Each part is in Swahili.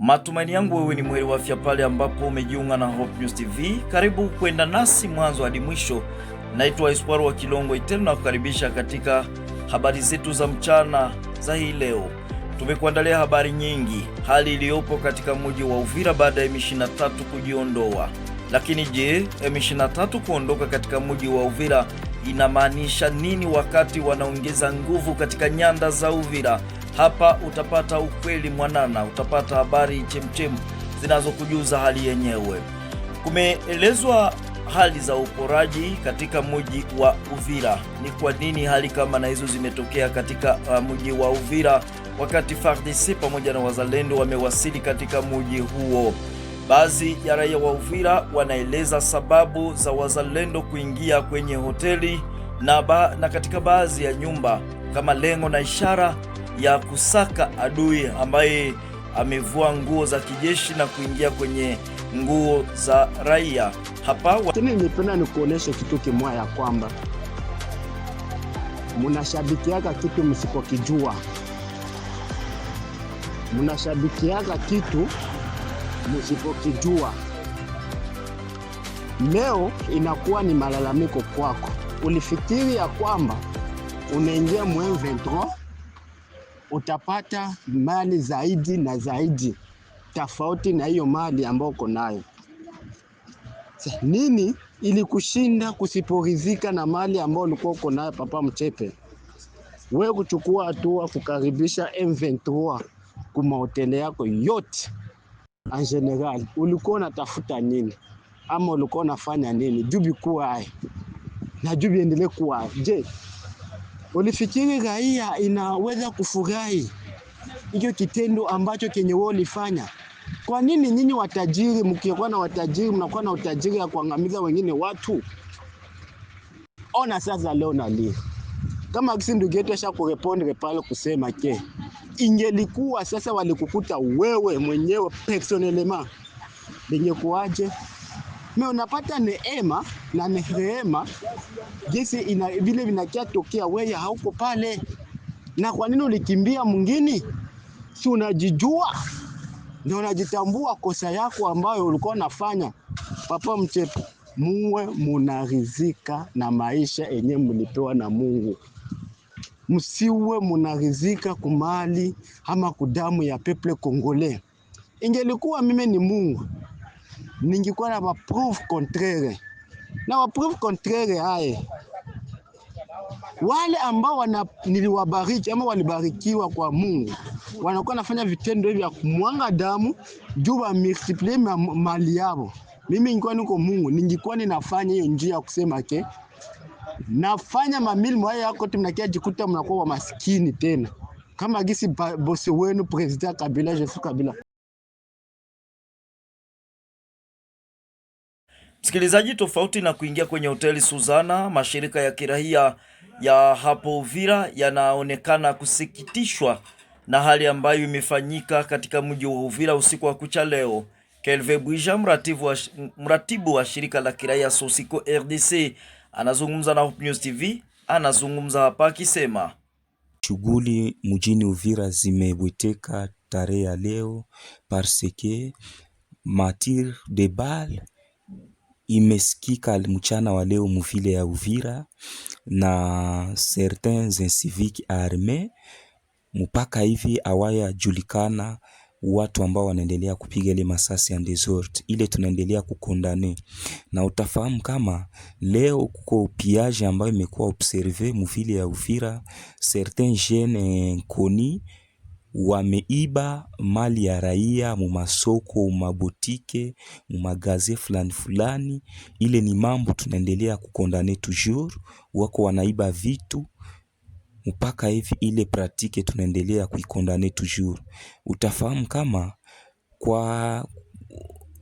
Matumaini yangu wewe ni mweli wa afya pale ambapo umejiunga na Hope News TV. Karibu kwenda nasi mwanzo hadi mwisho. Naitwa Espoir wa Kilongo itel na kukaribisha katika habari zetu za mchana za hii leo. Tumekuandalia habari nyingi, hali iliyopo katika mji wa Uvira baada ya M23 kujiondoa. Lakini je, M23 kuondoka katika mji wa Uvira inamaanisha nini wakati wanaongeza nguvu katika nyanda za Uvira. Hapa utapata ukweli mwanana, utapata habari chemchem zinazokujuza hali yenyewe. Kumeelezwa hali za uporaji katika mji wa Uvira. Ni kwa nini hali kama na hizo zimetokea katika uh, mji wa Uvira wakati FARDC pamoja na wazalendo wamewasili katika mji huo? Baadhi ya raia wa Uvira wanaeleza sababu za wazalendo kuingia kwenye hoteli na, ba, na katika baadhi ya nyumba kama lengo na ishara ya kusaka adui ambaye amevua nguo za kijeshi na kuingia kwenye nguo za raia. Hapa tena nipenda ni kitu kimoya ya kwamba munashabikiaga kitu msipokijua, munashabikiaga kitu nisipokijua. Leo inakuwa ni malalamiko kwako. Ulifikiri ya kwamba unaingia M23 utapata mali zaidi na zaidi, tofauti na hiyo mali ambayo uko nayo. Nini ilikushinda kusiporizika na mali ambayo ulikuwa uko nayo? Papa Mchepe, Wewe kuchukua hatua kukaribisha M23 kumahoteli yako yote en general, ulikuwa unatafuta nini ama ulikuwa unafanya nini juu bikuwa hai na juu biendelee kuwa hai? Je, ulifikiri raia inaweza kufurahi hicho kitendo ambacho kenye wewe ulifanya? Kwa nini nyinyi watajiri, mkikuwa na watajiri, mnakuwa na utajiri ya kuangamiza wengine watu? Ona sasa, leo nalia kama gisi ndugu yetu ashakureponde pale kusema ke ingelikuwa sasa walikukuta wewe mwenyewe personelema lingekuwaje? Me unapata neema na neema jinsi ina vile vinakia tokea, wewe hauko pale. Na kwa nini ulikimbia mwingine? Si unajijua ndio unajitambua kosa yako ambayo ulikuwa unafanya. Papa mchepo, muwe munarizika na maisha yenye mlipewa na Mungu msiwe munarizika kumali ama kudamu ya peple kongole. Ingelikuwa mimi ni Mungu, ningekuwa na maprove contraire na maprove contraire haye wale ambao wana, niliwabariki ama walibarikiwa kwa Mungu wanakuwa nafanya vitendo hivi vya kumwanga damu juu wa multiply mali yao. Mimi ningekuwa niko Mungu, ningekuwa ninafanya hiyo njia ya kusema ke nafanya mamili haya yako mnakia jikuta mnakuwa wa maskini tena, kama gisi bosi wenu President Kabila Joseph Kabila. Msikilizaji, tofauti na kuingia kwenye hoteli Suzana, mashirika ya kirahia ya hapo Uvira yanaonekana kusikitishwa na hali ambayo imefanyika katika mji wa Uvira usiku wa kucha leo. Kelve Bwija, mratibu wa, mratibu wa shirika la kiraia Sosiko RDC Anazungumza na Hope News TV, anazungumza hapa akisema shughuli mjini Uvira zimebweteka tarehe ya leo parce que matir de bal imesikika mchana wa leo mvile ya Uvira na certains civiques armés mpaka hivi awaya julikana watu ambao wanaendelea kupiga ile masasi ya desert ile tunaendelea kukondane, na utafahamu kama leo kuko upiage ambayo imekuwa observe mvile ya Uvira, certain jeune koni wameiba mali ya raia mu masoko, mu mumagaze fulani fulani. Ile ni mambo tunaendelea kukondane toujours, wako wanaiba vitu mpaka hivi ile pratike tunaendelea kuikondane toujours. Utafahamu kama kwa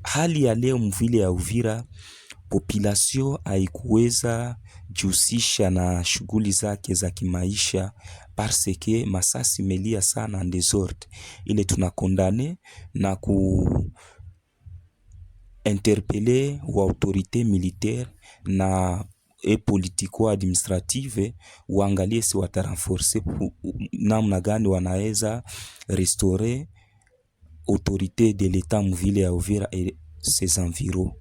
hali ya leo mvile ya Uvira populasio haikuweza jihusisha na shughuli zake za kimaisha parce que masasi melia sana ndesorte ile tunakondane na ku interpele wa autorite militaire na et politico-administrative uangalie si wataranforce namna gani wanaweza restaurer autorité de l'état mvile ya Uvira et ses environs,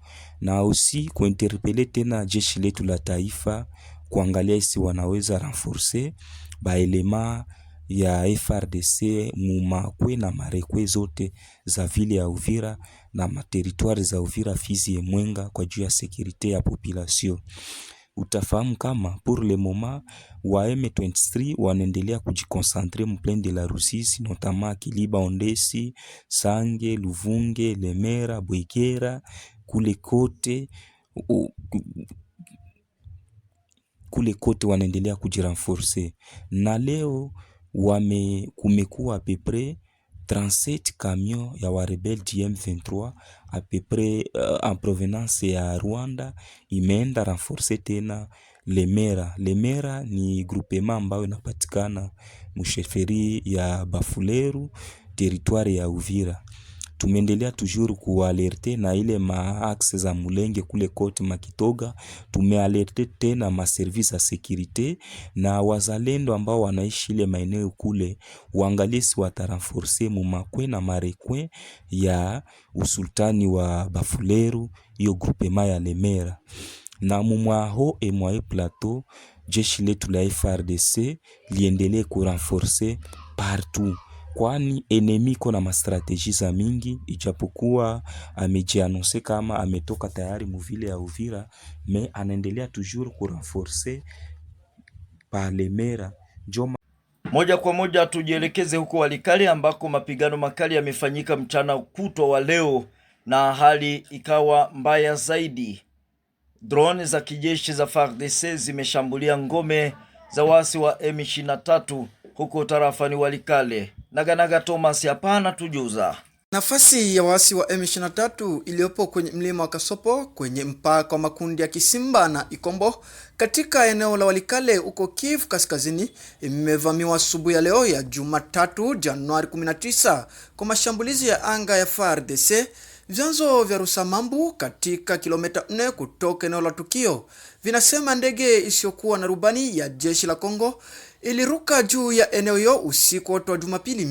na aussi kuinterpele tena jeshi letu la taifa kuangalia si wanaweza renforcer baelema ya FRDC mumakwe na marekwe zote za vile ya Uvira na materitoire za Uvira, Fizi, Mwenga kwa juu ya sekurite ya population utafahamu kama pour le moment wa M23 wanaendelea mu mplen de la Rusisi, notamment Kiliba, Ondesi, Sange, Luvunge, Lemera, Bwegera kule kote kule kote wanaendelea kujiranforce na leo wame kumekuwa près 37 camions ya warebelji M23 a peu près uh, en provenance ya Rwanda imeenda renforce tena Lemera. Lemera ni groupement ambayo inapatikana msheferi ya Bafuleru, teritwari ya Uvira. Tumeendelea tujuru kualerte na ile maakse za Mulenge kule kote Makitoga, tumealerte tena maservisi ya sekurite na wazalendo ambao wanaishi ile maeneo kule, waangalisi wataranforce mumakwe na marekwe ya usultani wa Bafuleru, hiyo grupema ya Lemera na mumwaho emwae plateau, jeshi letu la FRDC liendelee kurenforce partout kwani enemi iko na mastrateji za mingi, ijapokuwa amejianonse kama ametoka tayari muvile ya Uvira, me anaendelea toujours kurenforce palemera joma moja kwa moja tujielekeze huko Walikale ambako mapigano makali yamefanyika mchana kutwa wa leo na hali ikawa mbaya zaidi. Drone za kijeshi za FARDC zimeshambulia ngome za waasi wa M23 huko tarafani Walikale. Naganaga Thomas hapana tujuza nafasi ya waasi wa M23 iliyopo kwenye mlima wa Kasopo kwenye mpaka wa makundi ya Kisimba na Ikombo katika eneo la Walikale huko Kivu Kaskazini imevamiwa asubuhi ya leo ya Jumatatu Januari 19 kwa mashambulizi ya anga ya FARDC Vyanzo vya Rusamambu katika kilomita 4 kutoka eneo la tukio vinasema ndege isiyokuwa na rubani ya jeshi la Kongo iliruka juu ya eneo hiyo usiku wote wa Jumapili.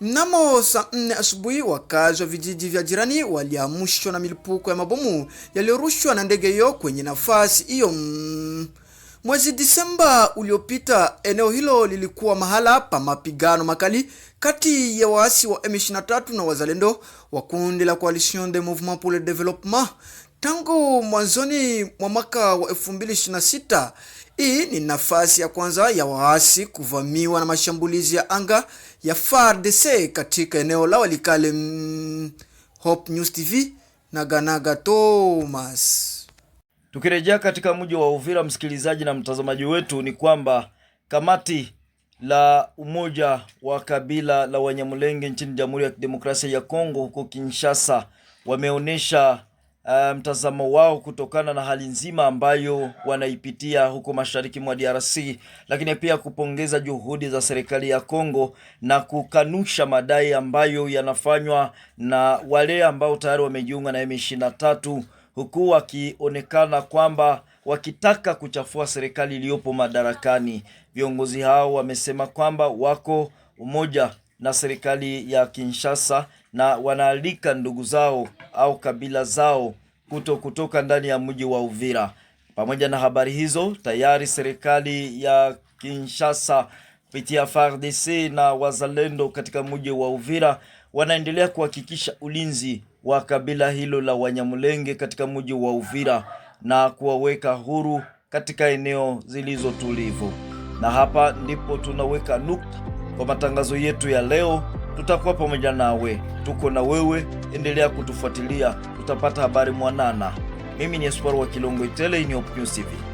Mnamo saa 4 asubuhi, wakazi wa vijiji vya jirani waliamshwa na milipuko ya mabomu yaliyorushwa na ndege hiyo kwenye nafasi hiyo. Mwezi Disemba uliopita, eneo hilo lilikuwa mahala pa mapigano makali kati ya waasi wa M23 na wazalendo wa kundi la Coalition de Mouvement pour le Développement tangu mwanzoni mwa mwaka wa 2026. Hii ni nafasi ya kwanza ya waasi kuvamiwa na mashambulizi ya anga ya FARDC katika eneo la Walikale. Mm, Hope News TV, Naganaga Thomas. Tukirejea katika mji wa Uvira, msikilizaji na mtazamaji wetu, ni kwamba kamati la umoja wa kabila la Wanyamulenge nchini Jamhuri ya Kidemokrasia ya Kongo huko Kinshasa wameonyesha uh, mtazamo wao kutokana na hali nzima ambayo wanaipitia huko mashariki mwa DRC, lakini pia kupongeza juhudi za serikali ya Kongo na kukanusha madai ambayo yanafanywa na wale ambao tayari wamejiunga na M23 huku wakionekana kwamba wakitaka kuchafua serikali iliyopo madarakani. Viongozi hao wamesema kwamba wako umoja na serikali ya Kinshasa na wanaalika ndugu zao au kabila zao kuto kutoka ndani ya mji wa Uvira. Pamoja na habari hizo, tayari serikali ya Kinshasa kupitia FARDC na wazalendo katika mji wa Uvira wanaendelea kuhakikisha ulinzi wa kabila hilo la Wanyamulenge katika mji wa Uvira na kuwaweka huru katika eneo zilizo tulivu. Na hapa ndipo tunaweka nukta kwa matangazo yetu ya leo. Tutakuwa pamoja nawe, tuko na wewe, endelea kutufuatilia, tutapata habari mwanana. Mimi ni Espoir wa Kilongo Itele, Neop News TV.